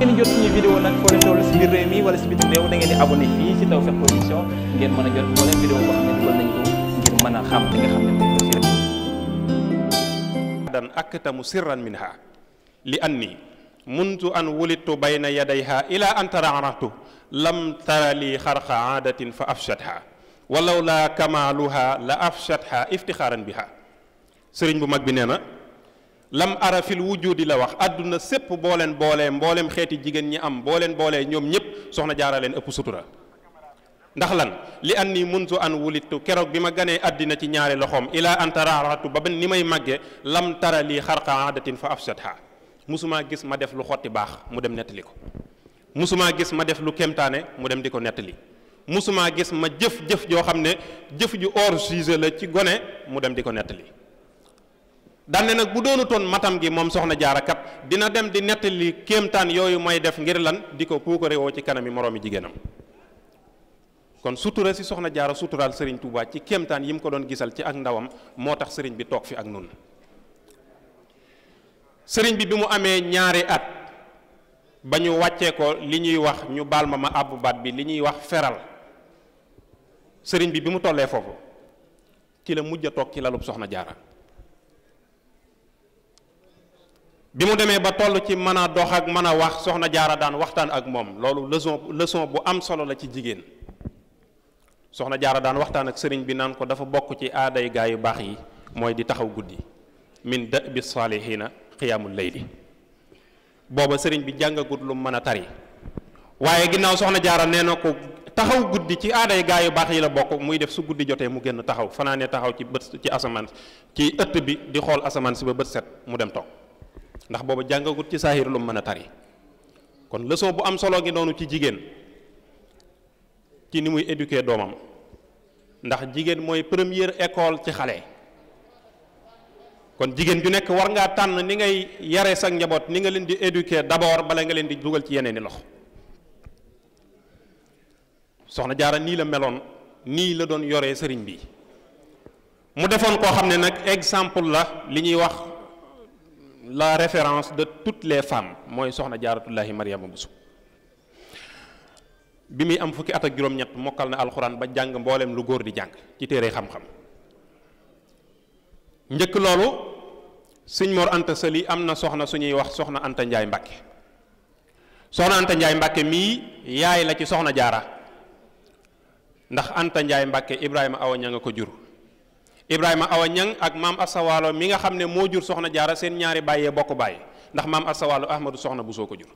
ngeen jot suñu vidéo nag foo leen toll si biir réew mi wala si biir réew da ngeen di abonné fii si Tawfekh Production ngeen mën a jot moo leen vidéo boo xam ne dugal nañ ko ngir mën a xam li nga xam ne moom la rek. dan aktamu sirran minha li anni muntu an wulidtu bayna yadayha ila an taraaratu lam tara li xarqa aadatin fa afshatha walaw la kamaaluha la afshatha iftixaaran biha sëriñ bu mag bi nee na lam ara fil di la wax àdduna sépp boo leen boolee mbooleem xeeti jigéen ñi am boo leen boolee ñoom ñëpp soxna jaara leen ëpp sutura ndax lan li an nii munzu an wulittu keroog bi ma ganee àddina ci ñaari loxoom ilaa anta raaratu ba ben ni may màgge lam tara lii xarqa aadatin fa afsatha musumaa gis ma def lu xotti baax mu dem nettali ko musumaa gis ma def lu kéemtaane mu dem di ko nettali musumaa gis ma jëf-jëf joo xam ne jëf ju hors sujet la ci gone mu dem di ko nettali danne nag bu doonutoon matam gi moom soxna jaara kat dina dem di nettali kéemtaan yooyu mooy def ngir lan di ko puukare woo ci kanami moroomi jigéenam kon sutura si soxna jaara suturaal sëriñ Touba ci kéemtaan yi mu ko doon gisal ci ak ndawam moo tax sëriñ bi toog fi ak nun sëriñ bi bi mu amee ñaari at ba ñu wàccee ko li ñuy wax ñu baal ma ma àbbu baat bi li ñuy wax feral sëriñ bi bi mu tollee foofu ci la mujj a toog ci lalub soxna jaara bi mu demee ba toll ci mën a dox ak mën a wax soxna jaara daan waxtaan ak moom loolu leçon leçon bu am solo la ci jigéen soxna jaara daan waxtaan ak sëriñ bi naan ko dafa bokk ci aaday gaa yu baax yi mooy di taxaw guddi min da bi saalihiina xiyaamul layli booba sëriñ bi jàngagut lu mën a tari waaye ginnaaw soxna jaara nee na ko taxaw guddi ci aaday gaa yu baax yi la bokk muy def su guddi jotee mu génn taxaw fanaane taxaw ci bët ci asamaan ci ëtt bi di xool asamaan si ba bët set mu dem toog ndax boobu jàngagut ci saahir lu mën a tari kon leçon bu am solo ngi noonu ci jigéen ci ni muy éduke doomam ndax jigéen mooy première école ci xale kon jigéen ju nekk war ngaa tànn ni ngay yare sa njaboot ni nga leen di éduquer d'abord bala nga leen di dugal ci yeneen i lox soxna jaara nii la meloon nii la doon yore sëriñ bi mu defoon koo xam ne nag exemple la li ñuy wax la référence de toutes les femmes mooy soxna jaaratullahi Mariama Bousso bi muy am fukki at ak juróom-ñett mokkal na alxuraan ba jàng mbooleem lu góor di jàng ci téere xam-xam njëkk loolu sëñ Mor Anta Sali am na soxna suñuy wax soxna Anta Ndiaye Mbacke soxna Anta Ndiaye Mbacke mii yaay la ci soxna jaara ndax Anta Ndiaye Mbacke Ibrahima awa ña nga ko jur Ibrahima Awa Ñang ak maam Asawaalo mi nga xam ne moo jur soxna jaara seen ñaari bàyyee bokk bàyyi ndax maam Asawaalo Ahmadu soxna bu soo ko jur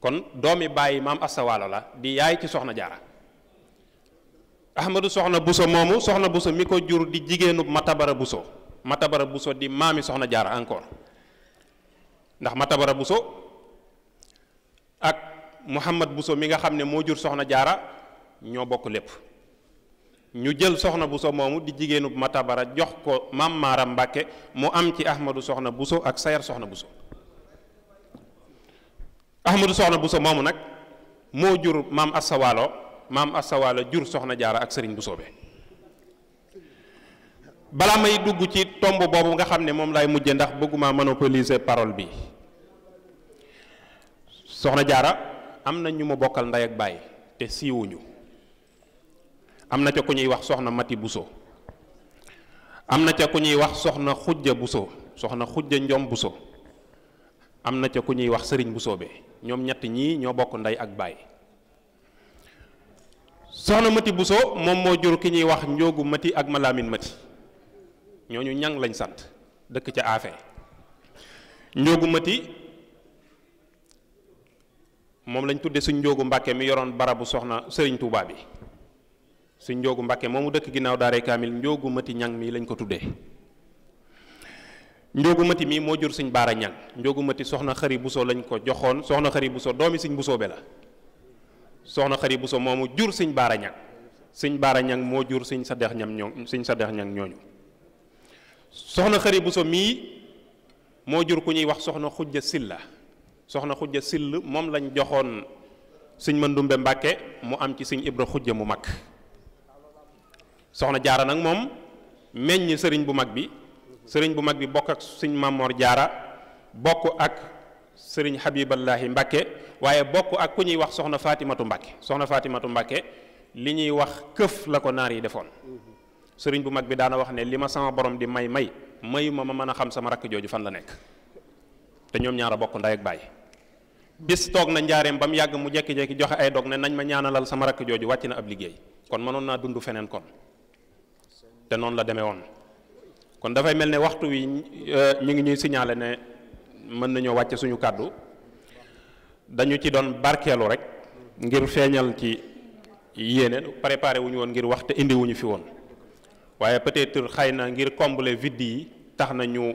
kon doomi bàyyi maam Asawaalo la di yaay ci soxna jaara Ahmadu soxna Buso moomu soxna Buso mi ko jur di jigéenu Matabara Buso Matabara Buso di maami soxna jaara encore ndax Matabara Buso ak Muhammad Buso mi nga xam ne moo jur soxna jaara ñoo bokk lépp ñu jël soxna Bousso moomu di jigéenu bu Matabara jox ko Maam Maaram Mbàkke mu am ci Ahmadu soxna Bousso ak Sayar soxna Bousso Ahmadu soxna Bousso moomu nag moo jur maam Assawaalo maam Assawaalo jur soxna Jaara ak Sëriñ Bousso be bala may dugg ci tomb boobu nga xam ne moom lay mujje ndax bëgguma monopoliser parole bi soxna Jaara am na ñu mu bokkal ndey ak baay te siiwuñu am na ca ku ñuy wax soxna Mati Bousso am na ca ku ñuy wax soxna Xujja Bousso soxna Xujja Njom Bousso am na ca ku ñuy wax sëriñ bu be ñoom ñett ñii ñoo bokk ndey ak baay soxna Mati Bousso moom moo jur ki ñuy wax njoogu Mati ak Malamine Mati ñooñu ñang lañ sant dëkk ca Afe njoogu Mati moom lañ tudde suñ Njóogu Mbàkke mi yoroon barabu soxna sëriñ Touba bi suñ njoogu Mbàkke moomu dëkk ginnaaw daaray kaamil njoogu mati ñang mii lañ ko tuddee njoogu mati mii moo jur suñ baara ñang njoogu mati soxna xari buso lañ ko joxoon soxna xari buso doomi suñ busoo be la soxna xari buso moomu jur suñ baara ñang suñ baara ñang moo jur suñ sa dex ñam ñoo suñ sa dex ñang ñooñu soxna xari buso mii moo jur ku ñuy wax soxna xujja silla soxna xujja sill moom lañ joxoon suñ mëndumbe mbàkke mu am ci suñ ibra xujja mu mag soxna jaara nag moom meññ sëriñ bu mag bi sëriñ bu mag bi bokk ak suñ Mamor jaara bokk ak sëriñ Habiballahi Mbacke waaye bokk ak ku ñuy wax soxna faatimatu Mbacke soxna faatimatu Mbacke li ñuy wax këf la ko naar yi defoon sëriñ bu mag bi daana wax ne li ma sama borom di may may mayuma ma mën a xam sama rakk jooju fan la nekk te ñoom ñaar bokk nday ak baay bis toog na njaareem ba mu yàgg mu jekki-jekki joxe ay dog ne nañ ma ñaanalal sama rakk jooju wàcc na liggéey kon mënoon naa dund feneen kon te noonu la demee woon kon dafay mel ne waxtu wi euh, ñu ngi ñuy siñaale ne mën nañoo wàcce suñu kàddu dañu ci doon barkeelu rek ngir feeñal ci yéene préparé wuñu woon ngir wax te indi wuñu fi woon waaye peut-être xëy na ngir combler vide yi tax na ñu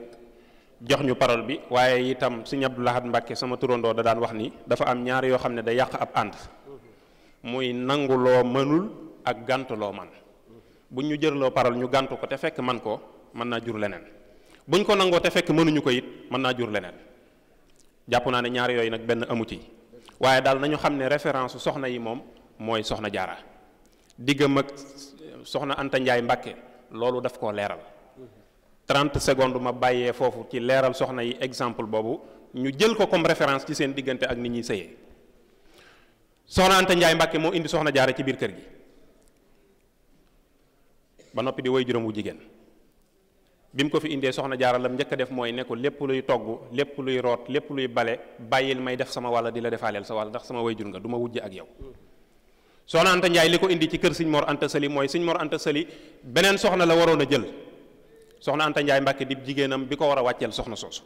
jox ñu parole bi waaye itam Sëriñ Abdou Lahad Mbacke sama turandoo da daan wax ni dafa am ñaar yoo xam ne da yàq ab ànd muy nangu loo mënul ak gànt loo man bu ñu jërloo paral ñu gàntu ko te fekk man ko mën naa jur leneen buñ ko nangoo te fekk mënuñu ko it mën naa jur leneen jàpp naa ne ñaari yooyu nag benn amu ci waaye daal na nañu xam ne référence soxna yi moom mooy soxna jaara diggam ak soxna Anta Ndiaye loolu daf koo leeral 30 secondes ma bàyyee foofu ci leeral soxna yi exemple boobu ñu jël ko comme référence ci seen diggante ak nit ñuy sëyee soxna Anta Mbàkke moo indi soxna jaara ci biir kër gi ba noppi di way juróom wu jigéen bi mu ko fi indee soxna jaara lam njëkk def mooy ne lépp luy togg lépp luy root lépp luy bale bàyyil may def sama wàlla di la defaaleel sa wàll ndax sama way jur nga du ma wujj ak yow soxna Anta Njaay li ko indi ci kër Sëñ Mor Anta Sali mooy Sëñ Mor Anta Sali beneen soxna la waroon a jël soxna Anta Njaay Mbàkke di jigéenam bi ko war a wàcceel soxna soosu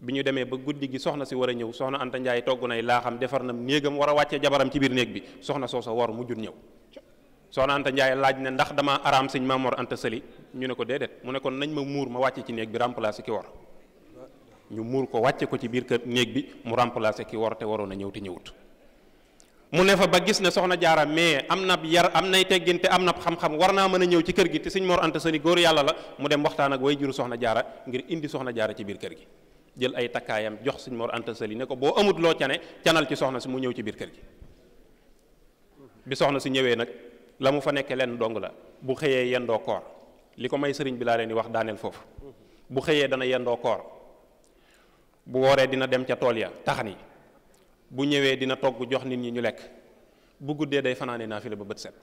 bi ñu demee ba guddi gi soxna si war a ñëw soxna Anta Njaay togg nay laa xam defar na néegam war a wàccee jabaram ci biir néeg bi soxna soosu war mujjul ñëw soxna Anta Ndiaye laaj ne ndax dama araam sëñ Mamor Anta Sali ñu ne ko déedéet mu ne kon nañ ma muur ma wàcce ci néeg bi remplacer ki wor ñu muur ko wàcce ko ci biir kër néeg bi mu remplacer ki war te waroon a ñëw te ñëwut. mu ne fa ba gis ne soxna jaara mais am na yar am nay teggin am na xam-xam war naa mën a ñëw ci kër gi te sëñ Mor Anta Sali góor yàlla la mu dem waxtaan ak way juru soxna jaara ngir indi soxna jaara ci biir kër gi jël ay takkaayam jox sëñ Mor Anta Sali ne ko boo amut loo cane canal ci soxna si mu ñëw ci biir kër gi soxna si ñëwee nag la mu fa nekkee lenn dong la bu xëyee yendoo koor li ko may sëriñ bi laa leen di wax daaneel foofu bu xëyee dana yendoo koor bu wooree dina dem ca tool ya taxan yi bu ñëwee dina togg jox nit ñi ñu lekk bu guddee day fanaane naafila ba bët set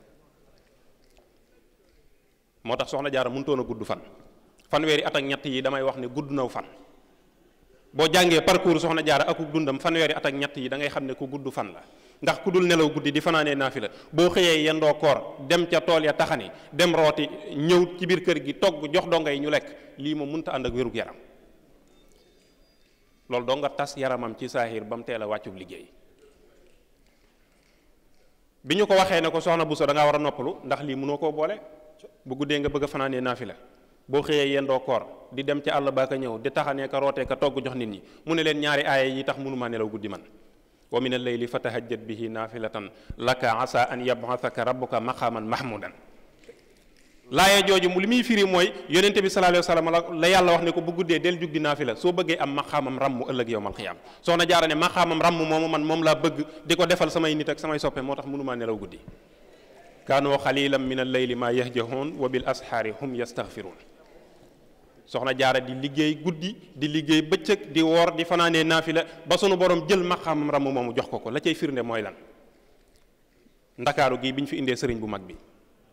moo tax soxna jaara mënutoon a gudd fan fanweeri at ak ñett yi damay wax ne gudd na naw fan boo jàngee parcours soxna jaara ak dundam fanweeri at ak ñett yi da ngay xam ne ku gudd fan la ndax ku dul nelaw guddi di fanaanee naafi la boo xëyee yendoo koor dem ca tool ya taxani dem rooti ñëw ci biir kër gi togg jox donga yi ñu lekk lii moom mënta ànd ak wérug yaram loolu doo nga tas yaramam ci saahir ba mu teel a wàccub liggéey bi ñu ko waxee ne ko soxna Bousso da ngaa war a noppalu ndax lii mënoo koo boole bu guddee nga bëgg a fanaanee naafi la boo xëyee yendoo koor di dem ci àll ba ka ñëw di taxanee ka rootee ka togg jox nit ñi mu ne leen ñaari aaya yi tax mënuma nelaw guddi man wa min alleyli fatahajjat bihi naafilatan laka asa an yabasaka rabbuka maqaaman mahmudan laaya jooju mu li muy firi mooy yonente bi sallallahu alayhi wa sallam la yàlla wax ne ko bu guddee del jug di naafila soo bëggee am maqaamam ràmm ëllëg yowmal xiyaam soxna jaara ne maqaamam ràmm moomu man moom laa bëgg di ko defal samay nit ak samay soppe moo tax mënumaa nelaw guddi kaanoo xalilan min alleyli maa yahjahoon wa bil asxaari hum yastaxfiruun soxna jaara di liggéey guddi di liggéey bëccëg di woor di fanaanee naafila ba sunu borom jël maqaamam ramu mu jox ko ko la cay firnde mooy lan ndakaaru gii bi ñu fi indee sëriñ bu mag bi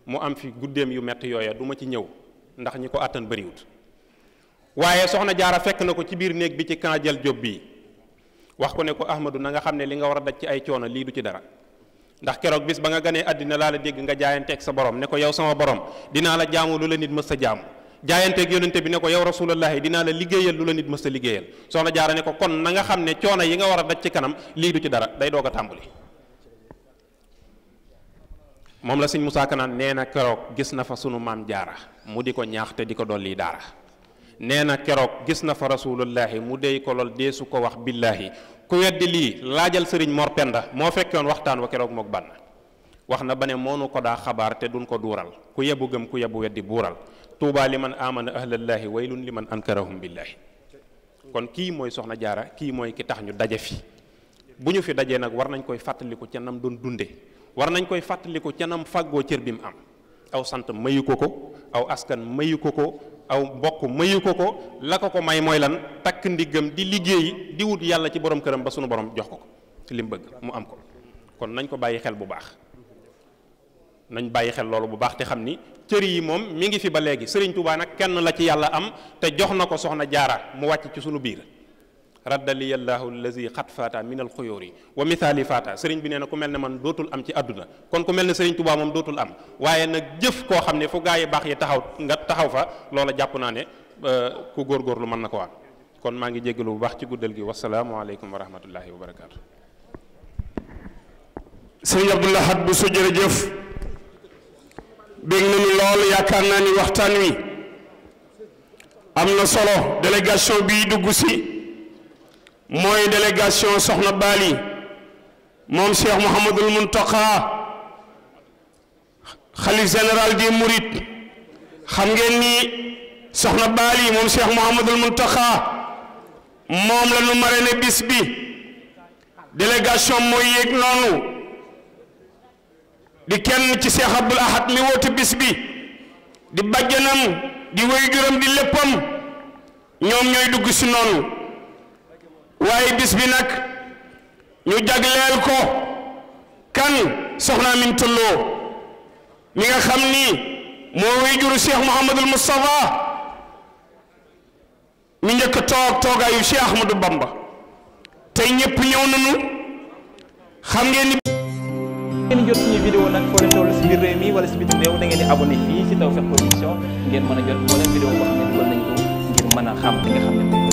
mu am fi guddeem yu metti yooya duma ci ñëw ndax ñi ko àttan bëriwut waaye soxna jaara fekk na ko ci biir néeg bi ci kanjal job bii wax ko ne ko ahmadu na nga xam ne li nga war a daj ci ay coono lii du ci dara ndax keroog bis ba nga ganee àddina laa la dégg nga jaayanteeg sa borom ne ko yow sama borom dinaa la jaamu lu nit mës sa jaamu jaayanteeg yonente bi ne ko yow rasulallahi dinaa la liggéeyal lu la nit mës ta liggéeyal soxna jaara ne ko kon na nga xam ne coono yi nga war a daj ci kanam lii du ci dara day doog a tàmbali moom la sëñ Musaa Ka nee na keroog gis na fa sunu maam jaara mu di ko ñaax te di ko dolli daara nee na keroog gis na fa rasulullahi mu dey ko lool dee su ko wax billahi ku weddi lii laajal sëriñ Mor Penda moo fekkoon waxtaan wa keroog mook bànn wax na ba moonu ko daa xabaar te duñ ko duural ku yebu gëm ku yebu weddi buural tuubaa li man amana ahlallaahi waylun li man ankarahum billaahi kon kii mooy soxna jaara kii mooy ki tax ñu daje fi bu ñu fi dajee nag war nañ koy fàttaliku ca nam doon dunde war nañ koy fàttaliku ca nam fàggoo cër bi mu am aw sant mayu ko ko aw askan mayu ko ko aw mbokk mayu ko ko la ko ko may mooy lan takk ndiggam di liggéey di wut yàlla ci borom këram ba sunu borom jox ko ko ci li mu bëgg mu am ko kon nañ ko bàyyi xel bu baax nañ bàyyi xel loolu bu baax te xam ni cër yi moom mi ngi fi ba léegi sëriñ Tuubaa nag kenn la ci yàlla am te jox na ko soxna jaara mu wàcc ci sunu biir raddali yallaahu allazi xat faata min al xuyóor yi wa mithaali faata sëriñ bi nee na ku mel ne man dootul am ci àdduna kon ku mel ne sëriñ Tuubaa moom dootul am waaye nag jëf koo xam ne fu gaa yi baax yi taxaw nga taxaw fa loola jàpp naa ne euh, ku góor góorgóorlu mën na ko waa kon maa ngi jéggalu bu baax ci guddal gi wasalaamu aleykum wa rahmatullahi wa barakaatu sëriñ Abdul Ahad bu su jërëjëf bég nañu lool yaakaar naa ni waxtaan wi am na solo délégation bii dugg si mooy délégation soxna Bali moom Cheikh Mouhamadul Mountakha xalif général des Mourides xam ngeen ni soxna Bali moom Cheikh Mouhamadul Mountakha moom mare ne bis bi délégation mooy yéeg noonu. di kenn ci Seex Abdul Ahad mi woote bis bi di bàjjanam di wayjuram di léppam ñoom ñooy dugg si noonu waaye bis bi nag ñu jagleel ko kan soxna Amin Tullo mi nga xam ni moo wayjuru Cheikh Mouhamadul Moustapha mi njëkk toog toogaayu Cheikh Ahmadou Bamba tey ñépp ñëw nañu xam ngeen ni ngeen jot suñu vidéo nag foo leen toll si biir réew mi wala si bitim réew da ngeen di abonné fii si Tawfekh ngeen mën a jot moo leen vidéo boo xam ne dugal nañ a xam li nga xam ne